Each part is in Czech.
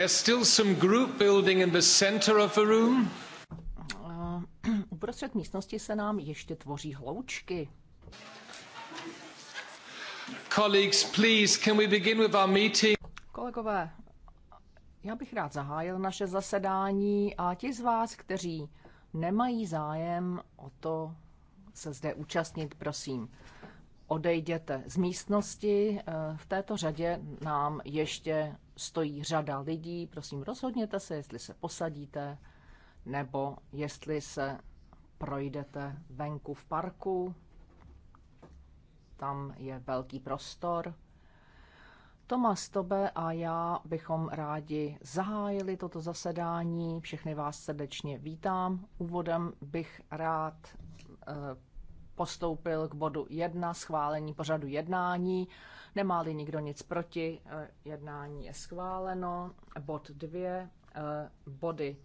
There's still some group building in the center of the room. Uh, uprostřed místnosti se nám ještě tvoří hloučky. Colleagues, please, can we begin with our meeting? Kolegové, já bych rád zahájil naše zasedání a ti z vás, kteří nemají zájem o to se zde účastnit, prosím, odejděte z místnosti. Eh, v této řadě nám ještě stojí řada lidí. Prosím, rozhodněte se, jestli se posadíte nebo jestli se projdete venku v parku. Tam je velký prostor. Tomas Tobe a já bychom rádi zahájili toto zasedání. Všechny vás srdečně vítám. Úvodem bych rád eh, postoupil k bodu 1, schválení pořadu jednání. Nemá-li nikdo nic proti, eh, jednání je schváleno. Bod 2, eh, body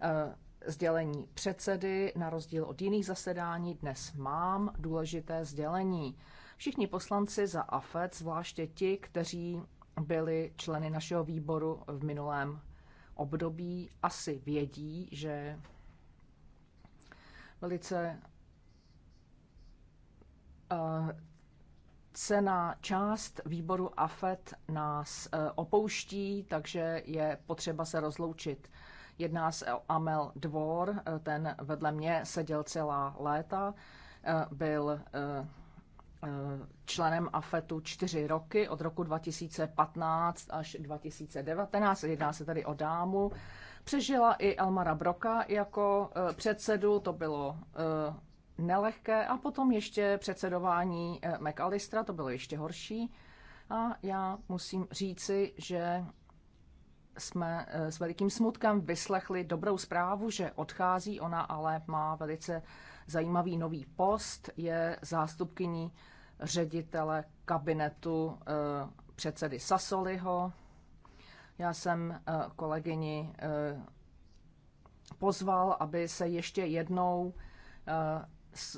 eh, sdělení předsedy, na rozdíl od jiných zasedání, dnes mám důležité sdělení. Všichni poslanci za AFED, zvláště ti, kteří byli členy našeho výboru v minulém období, asi vědí, že velice Eh, cena část výboru AFET nás eh, opouští, takže je potřeba se rozloučit. Jedná se o Amel Dvor, eh, ten vedle mě seděl celá léta, byl členem AFETu čtyři roky, od roku 2015 až 2019. Jedná se tedy o dámu. Přežila i Elmara Broka jako předsedu, to bylo nelehké a potom ještě předsedování eh, McAllistera, to bylo ještě horší. A já musím říci, že jsme eh, s velikým smutkem vyslechli dobrou zprávu, že odchází. Ona ale má velice zajímavý nový post, je zástupkyní ředitele kabinetu eh, předsedy Sasoliho. Já jsem kolegyni pozval, aby se ještě jednou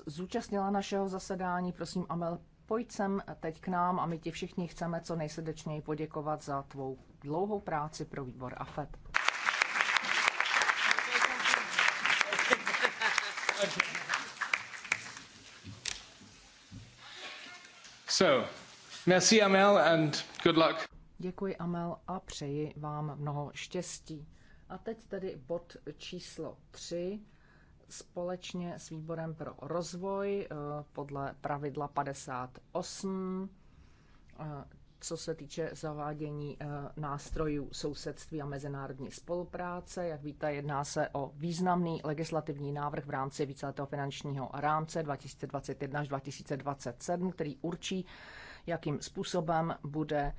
zúčastnila našeho zasedání. Prosím, Amel, pojď sem teď k nám a my ti všichni chceme co nejsrdečněji poděkovat za tvou dlouhou práci pro výbor AFET. So, merci Amel and good luck. Děkuji Amel a přeji vám mnoho štěstí. A teď tedy bod číslo 3 společně s výborem pro rozvoj eh, podle pravidla 58, eh, co se týče zavádění eh, nástrojů sousedství a mezinárodní spolupráce. Jak víte, jedná se o významný legislativní návrh v rámci víceletého finančního rámce 2021 až 2027, který určí, jakým způsobem bude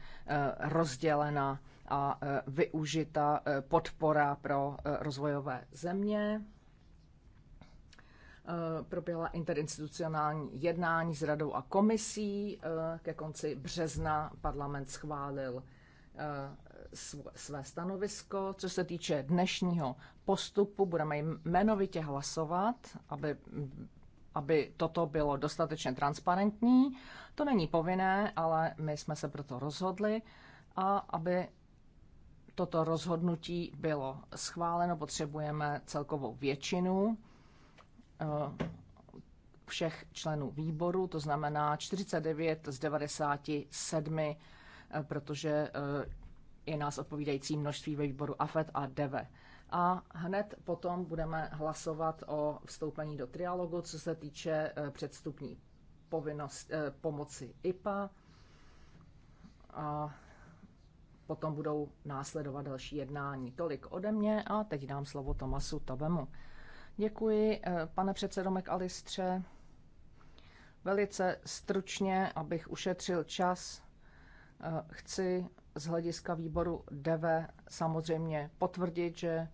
rozdělena a využita podpora pro rozvojové země. Eh, proběhla interinstitucionální jednání s radou a komisí. Eh, ke konci března parlament schválil eh, své stanovisko. Co se týče dnešního postupu, budeme jmenovitě hlasovat, aby, aby toto bylo dostatečně transparentní. To není povinné, ale my jsme se proto rozhodli a aby toto rozhodnutí bylo schváleno, potřebujeme celkovou většinu Eh, všech členů výboru, to znamená 49 z 97, eh, protože eh, je nás odpovídající množství ve výboru AFET a DEVE. E a hned potom budeme hlasovat o vstoupení do trialogu, co se týče předstupní povinnost, pomoci IPA. A potom budou následovat další jednání. Tolik ode mě a teď dám slovo Tomasu Tabemu. Děkuji, eh, pane předsedo Alistře. Velice stručně, abych ušetřil čas, eh, chci z hlediska výboru DV samozřejmě potvrdit, že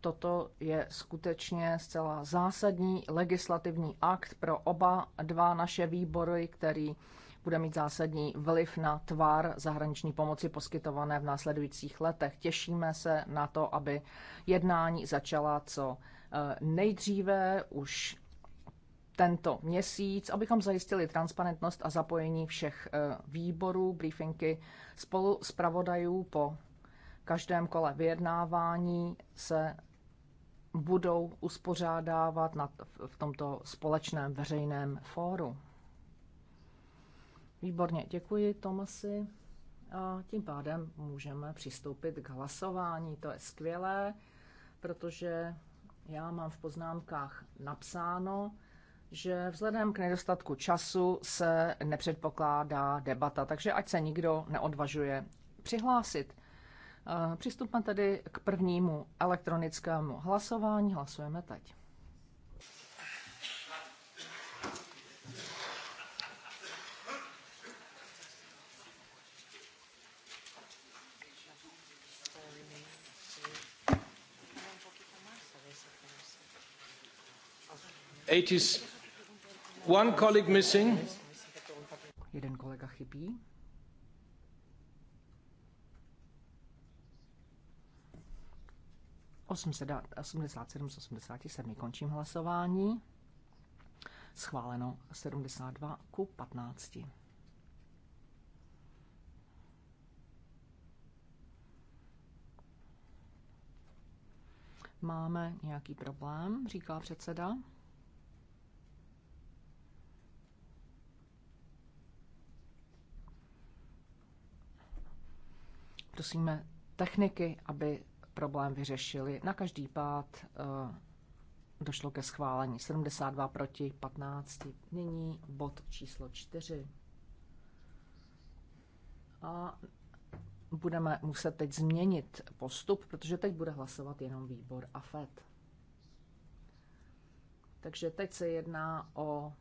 toto je skutečně zcela zásadní legislativní akt pro oba dva naše výbory, který bude mít zásadní vliv na tvar zahraniční pomoci poskytované v následujících letech. Těšíme se na to, aby jednání začala co eh, nejdříve už tento měsíc, abychom zajistili transparentnost a zapojení všech eh, výborů, briefinky spolu s pravodajů po každém kole vyjednávání se budou uspořádávat na, v tomto společném veřejném fóru. Výborně, děkuji Tomasi. A tím pádem můžeme přistoupit k hlasování. To je skvělé, protože já mám v poznámkách napsáno, že vzhledem k nedostatku času se nepředpokládá debata, takže ať se nikdo neodvažuje přihlásit. E, přistupme tedy k prvnímu elektronickému hlasování. Hlasujeme teď. 80s. One missing. Jeden kolega chybí. Osmdesát 87 z 87 končím hlasování. Schváleno 72 ku 15. Máme nějaký problém, říká předseda. Prosíme techniky, aby problém vyřešili. Na každý pád eh, došlo ke schválení 72 proti 15. Nyní bod číslo 4. A budeme muset teď změnit postup, protože teď bude hlasovat jenom výbor a FED. Takže teď se jedná o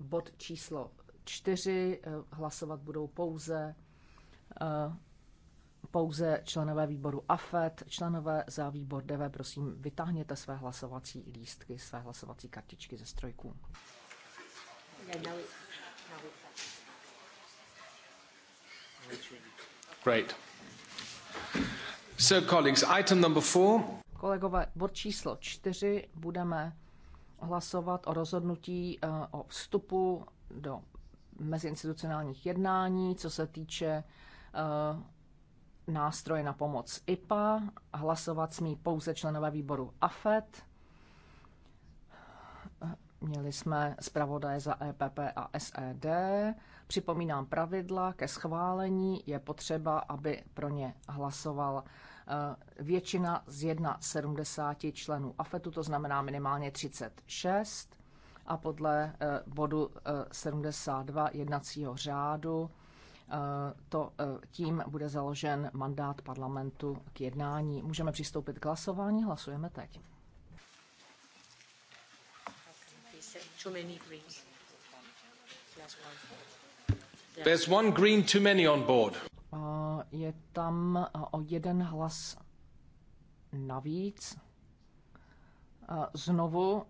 bod číslo 4. Eh, hlasovat budou pouze eh, pouze členové výboru AFET, členové za výbor DV, prosím, vytáhněte své hlasovací lístky, své hlasovací kartičky ze strojků. Great. So colleagues, item number four. Kolegové, bod číslo čtyři budeme hlasovat o rozhodnutí eh, o vstupu do mezinstitucionálních jednání, co se týče eh, nástroje na pomoc IPA. Hlasovat smí pouze členové výboru AFET. Měli jsme zpravodaje za EPP a SED. Připomínám pravidla ke schválení. Je potřeba, aby pro ně hlasoval eh, většina z 1,70 členů AFETu, to znamená minimálně 36. A podle eh, bodu 72 eh, jednacího řádu Eh, to eh, tím bude založen mandát parlamentu k jednání. Můžeme přistoupit k hlasování, hlasujeme teď. There's one green too many on board. Eh, je tam o jeden hlas navíc. Znovu,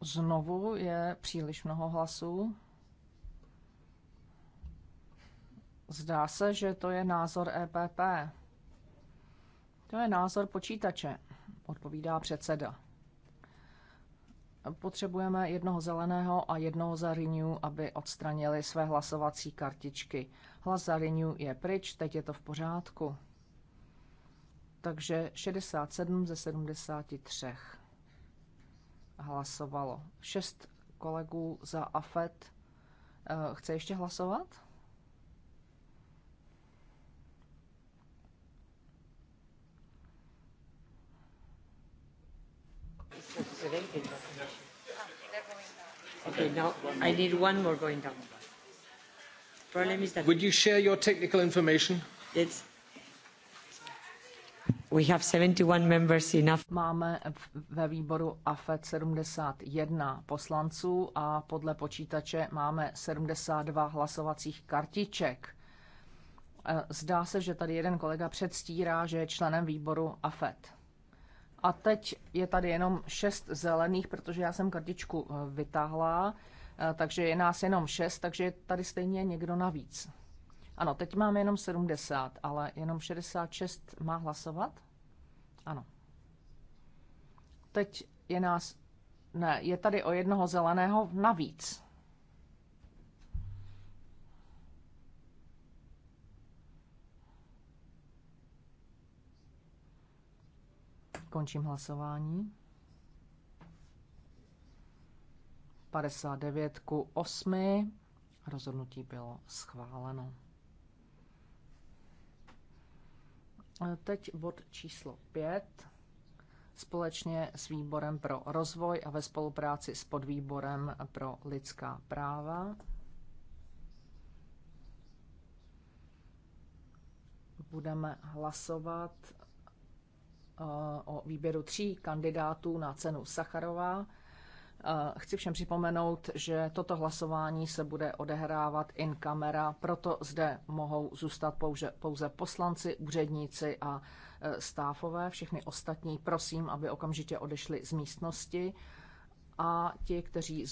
znovu je příliš mnoho hlasů. Zdá se, že to je názor EPP. To je názor počítače, odpovídá předseda. Potřebujeme jednoho zeleného a jednoho za Renew, aby odstranili své hlasovací kartičky. Hlas za Renew je pryč, teď je to v pořádku. Takže 67 ze 73 hlasovalo. Šest kolegů za AFET eh, chce ještě hlasovat? down. No, I need one more going down. Problem is that. Would you share your technical information? It's. We have 71 members enough. Máme ve výboru AFED e 71 poslanců a podle počítače máme 72 hlasovacích kartiček. E, zdá se, že tady jeden kolega předstírá, že je členem výboru AFED. A teď je tady jenom šest zelených, protože já jsem kartičku eh, vytáhla, eh, takže je nás jenom šest, takže je tady stejně někdo navíc. Ano, teď máme jenom 70, ale jenom 66 má hlasovat? Ano. Teď je nás... Ne, je tady o jednoho zeleného navíc. Končím hlasování. 59 ku 8. Rozhodnutí bylo schváleno. Teď bod číslo 5. Společně s výborem pro rozvoj a ve spolupráci s podvýborem pro lidská práva budeme hlasovat Eh, o výběru tří kandidátů na cenu Sacharova. Eh, chci všem připomenout, že toto hlasování se bude odehrávat in camera, proto zde mohou zůstat pouze, pouze poslanci, úředníci a eh, stáfové. Všechny ostatní prosím, aby okamžitě odešli z místnosti a ti, kteří